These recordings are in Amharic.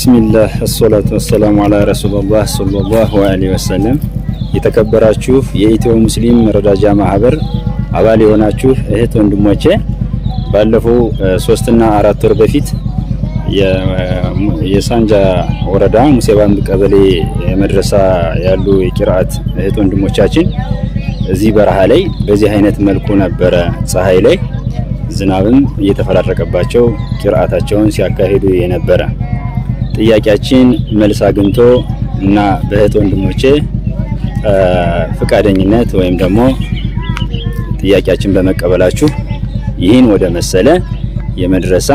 ቢስሚላህ አሶላቱ ወሰላሙ አላ ረሱሉላህ ሰለላሁ ዐለይሂ ወሰለም። የተከበራችሁ የኢትዮ ሙስሊም መረዳጃ ማህበር አባል የሆናችሁ እህት ወንድሞቼ ባለፈው ሶስትና አራት ወር በፊት የሳንጃ ወረዳ ሙሴባንብ ቀበሌ መድረሳ ያሉ የቂራአት እህት ወንድሞቻችን እዚህ በረሃ ላይ በዚህ አይነት መልኩ ነበረ ፀሐይ ላይ ዝናብም እየተፈራረቀባቸው ቂርአታቸውን ሲያካሂዱ የነበረ ጥያቄያችን መልስ አግኝቶ እና በእህት ወንድሞቼ ፍቃደኝነት ወይም ደግሞ ጥያቄያችን በመቀበላችሁ ይህን ወደ መሰለ የመድረሳ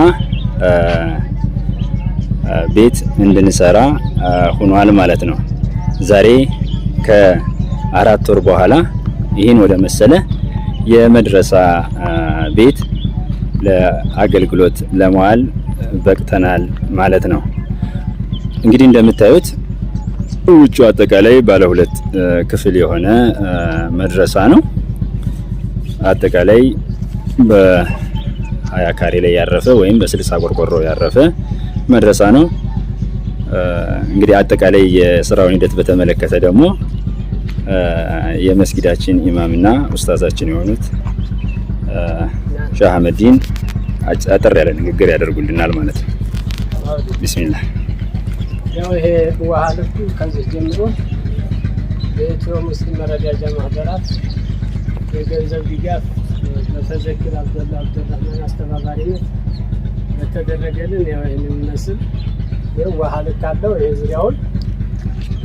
ቤት እንድንሰራ ሆኗል ማለት ነው። ዛሬ ከአራት ወር በኋላ ይህን ወደ መሰለ የመድረሳ ቤት ለአገልግሎት ለመዋል በቅተናል ማለት ነው። እንግዲህ እንደምታዩት ውጭ አጠቃላይ ባለ ሁለት ክፍል የሆነ መድረሳ ነው። አጠቃላይ በሀያ ካሬ ላይ ያረፈ ወይም በስልሳ ቆርቆሮ ያረፈ መድረሳ ነው። እንግዲህ አጠቃላይ የስራውን ሂደት በተመለከተ ደግሞ የመስጊዳችን ኢማምና ኡስታዛችን የሆኑት ሻህ አህመዲን አጠር ያለ ንግግር ያደርጉልናል ማለት ነው። ቢስሚላህ ያው ይሄ ውሃ ልኩ ከዚህ ጀምሮ የኢትዮ ሙስሊም መረዳጃ ማህበራት የገንዘብ ድጋፍ በተዘክር አብደላ አብደራህማን አስተባባሪነት በተደረገልን ያው ይህን የሚመስል ይህ ውሃ ልክ አለው። ይሄ ዙሪያውን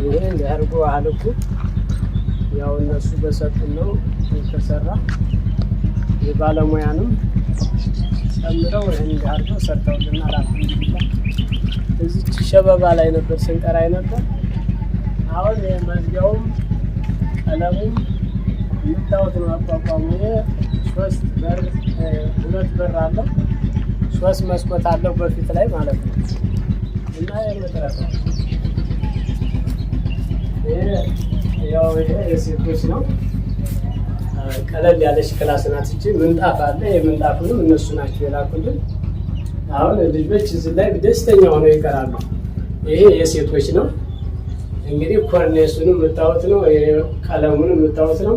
ይሄ እንዲያርጎ ውሃ ልኩ ያው እነሱ በሰጡን ነው የተሰራ። የባለሙያንም ጨምረው ይህን እንዲያርጎ ሰርተውልናል። አልሐምዱሊላህ እዚች ሸበባ ላይ ነበር ስንቀራይ ነበር። አሁን መዝጊያውም ቀለሙም የምታዩት ነው። አቋቋሙ ሶስት በር ሁለት በር አለው፣ ሶስት መስኮት አለው በፊት ላይ ማለት ነው እና የመጥረት ያው ይሄ የሴቶች ነው። ቀለል ያለች ክላስ ናት። እቺ ምንጣፍ አለ። የምንጣፉንም እነሱ ናቸው የላኩልን አሁን ልጆች እዚህ ላይ ደስተኛ ሆነው ይቀራሉ። ይሄ የሴቶች ነው እንግዲህ ኮርኔሱን የምታወት ነው፣ ቀለሙን የምታወት ነው።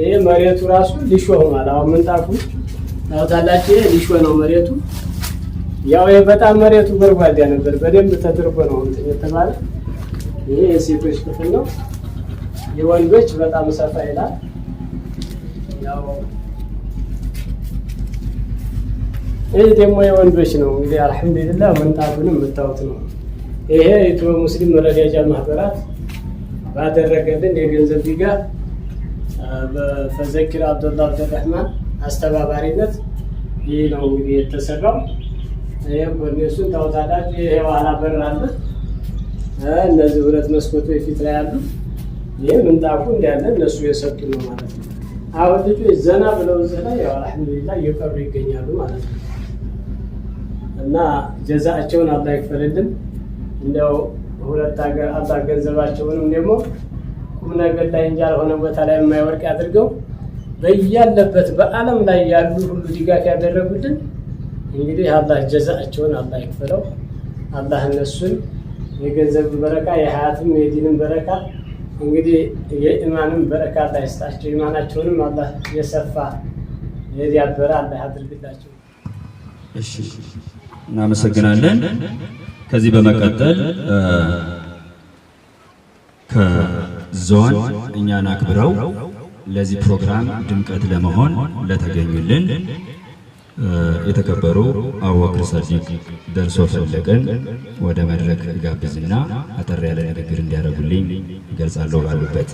ይሄ መሬቱ ራሱ ሊሾ ሆኗል። አሁን ምንጣፉ ታውታላችሁ፣ ይሄ ሊሾ ነው መሬቱ። ያው በጣም መሬቱ ጎድጓዳ ነበር፣ በደንብ ተደርጎ ነው እንትን የተባለ። ይሄ የሴቶች ክፍል ነው። የወንዶች በጣም ሰፋ ይላል ያው ይህ ደግሞ የወንዶች ነው። እንግዲህ አልሐምዱሊላ ምንጣፉንም የምታዩት ነው። ይሄ የኢትዮ ሙስሊም መረዳጃ ማህበራት ባደረገልን የገንዘብ ዲጋ በፈዘኪር አብዶላ አብዱራህማን አስተባባሪነት ይህ ነው እንግዲህ የተሰራው። ይህም ኮኔሱን ታውታላችሁ። ይሄ ኋላ በር አለ። እነዚህ ሁለት መስኮቶች ፊት ላይ አሉ። ይህ ምንጣፉ እንዳለ እነሱ የሰጡ ነው ማለት ነው። አሁን ልጆች ዘና ብለው እዚህ ላይ ያው እየቀሩ ይገኛሉ ማለት ነው። እና ጀዛቸውን አላህ ይክፈልልን። እንደው ሁለት ሀገር አላህ ገንዘባቸውንም ደግሞ ቁም ነገር ላይ እንጂ ያልሆነ ቦታ ላይ የማይወርቅ ያድርገው። በያለበት በዓለም ላይ ያሉ ሁሉ ድጋፍ ያደረጉልን እንግዲህ አላህ ጀዛቸውን አላህ ይክፈለው። አላህ እነሱን የገንዘብ በረካ የሀያትም የዲንም በረካ እንግዲህ የኢማንም በረካ አላህ ይስጣቸው። ኢማናቸውንም አላህ የሰፋ የዳበረ አላህ አድርግላቸው። እናመሰግናለን። ከዚህ በመቀጠል ከዞን እኛን አክብረው ለዚህ ፕሮግራም ድምቀት ለመሆን ለተገኙልን የተከበሩ አቡበክር ሰዲቅ ደርሶ ፈለቀን ወደ መድረክ ጋብዝና አጠር ያለ ንግግር እንዲያደርጉልኝ ይገልጻለሁ ባሉበት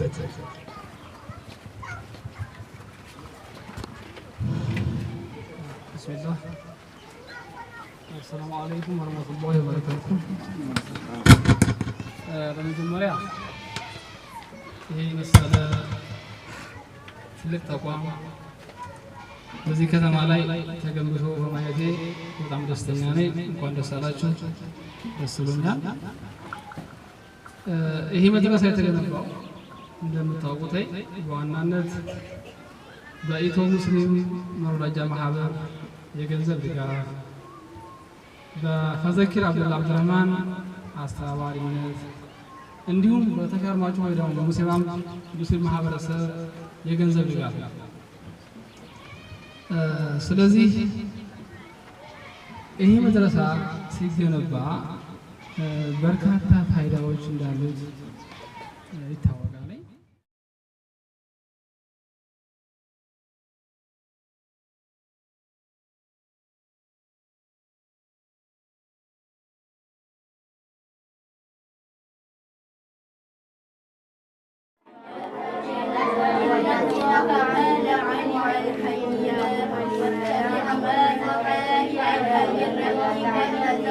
አሰላሙ አለይኩም ወረህመቱላሂ ወበረካቱ። በመጀመሪያ ይሄ የመሰለ ትልቅ ተቋም በዚህ ከተማ ላይ ተገንብቶ በማየቴ በጣም ደስተኛ ነኝ። እንኳን ደስ አላችሁ፣ ደስ ብሎኛል። ይሄ መድረሳ የተገነባው እንደምታውቁት በዋናነት በኢትዮ ሙስሊም መረዳጃ ማህበር የገንዘብ ድጋፍ በፈዘኪር አብዱላ አብዱረህማን አስተባባሪነት እንዲሁም በተከርማችሁ ወይ ደግሞ ሙስሊም ሙስሊም ማህበረሰብ የገንዘብ ድጋፍ ስለዚህ ይሄ መድረሳ ሲገነባ በርካታ ፋይዳዎች እንዳሉት ይታወቃል። وتعالى عن الحي واتبع ما نهاك عن من ربك الذي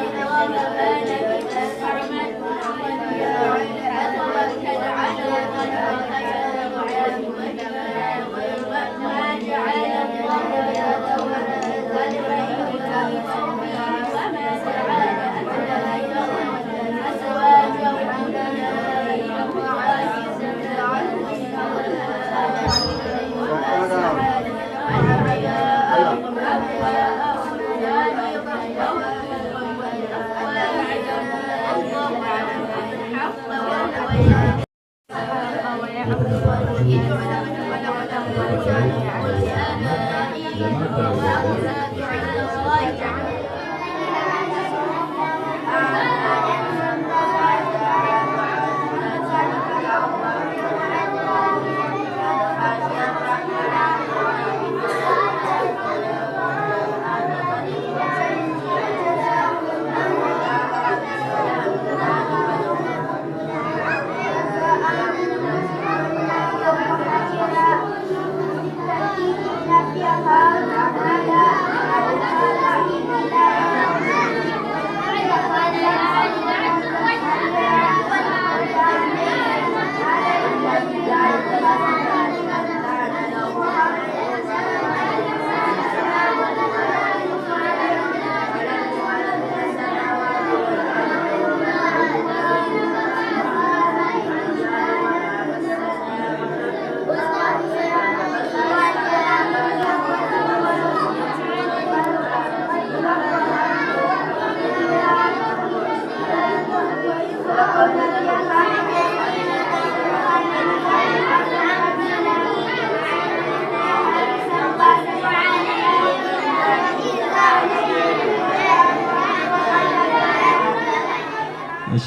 可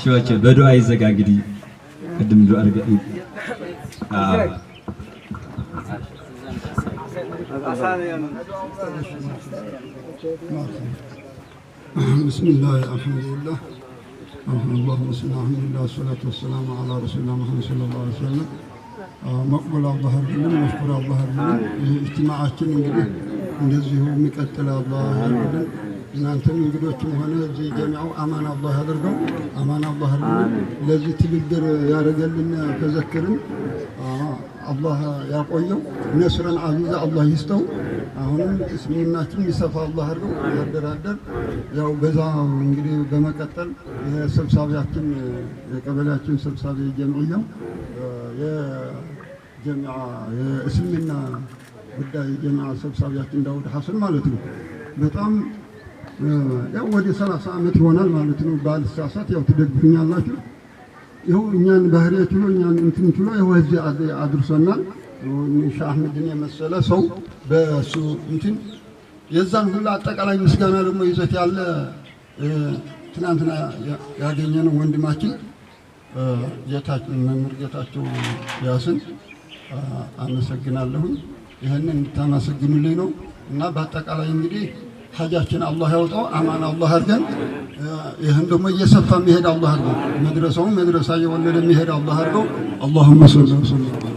ሽወቸ በዱዓ ይዘጋ እንግዲህ ቅድም ዱዓ አድርገ بسم الله الحمد لله اللهم صل على محمد والصلاة والسلام على رسول الله محمد صلى الله عليه وسلم መቅበል አላህ አድርግልን፣ መሽኩር አላህ አድርግልን። ኢጅትማዓችንን እንግዲህ እንደዚሁ የሚቀጥል አላህ አድርግልን። እናንተም እንግዶችም ሆነ እዚህ ጀሚያው አማን አላህ ያደርገው። አማን አላህ ለዚህ ትብብር ያደረገልን ተዘክርን አላህ ያቆየው። ነስረን አዚዛ አላህ ይስጠው። አሁንም እስልምናችን ይሰፋ አላህ አድርገው ያደራደር። ያው በዛ እንግዲህ በመቀጠል የሰብሳቢያችን የቀበሌያችን ሰብሳቢ ጀምዕያው የጀሚያ የእስልምና ጉዳይ ጀሚያ ሰብሳቢያችን ዳውድ ሐሰን ማለት ነው በጣም ያው ወደ ሰላሳ ዓመት ይሆናል ማለት ነው። ባልሳሳት ያው ትደግፉኛላችሁ። ይኸው እኛን ባህሪያ ችሎ እኛን እንትን ችሎ ይኸው እዚህ አድርሶናል። ሻህ አህመድን የመሰለ ሰው በሱ እንትን የዛን ሁሉ አጠቃላይ ምስጋና ደግሞ ይዘት ያለ ትናንትና ያገኘነው ወንድማችን መምህር ጌታቸው ያስን አመሰግናለሁኝ። ይህንን እንድታመሰግኑልኝ ነው እና በአጠቃላይ እንግዲህ ሀጃችን አላህ ያውጣው። አማን አላህ አድርገን። ይህን ደግሞ እየሰፋ የሚሄድ አላህ አድርገው። መድረሳውን መድረሳ እየወለደ የሚሄድ አላህ አድርገው። አላሁመ ሶሊ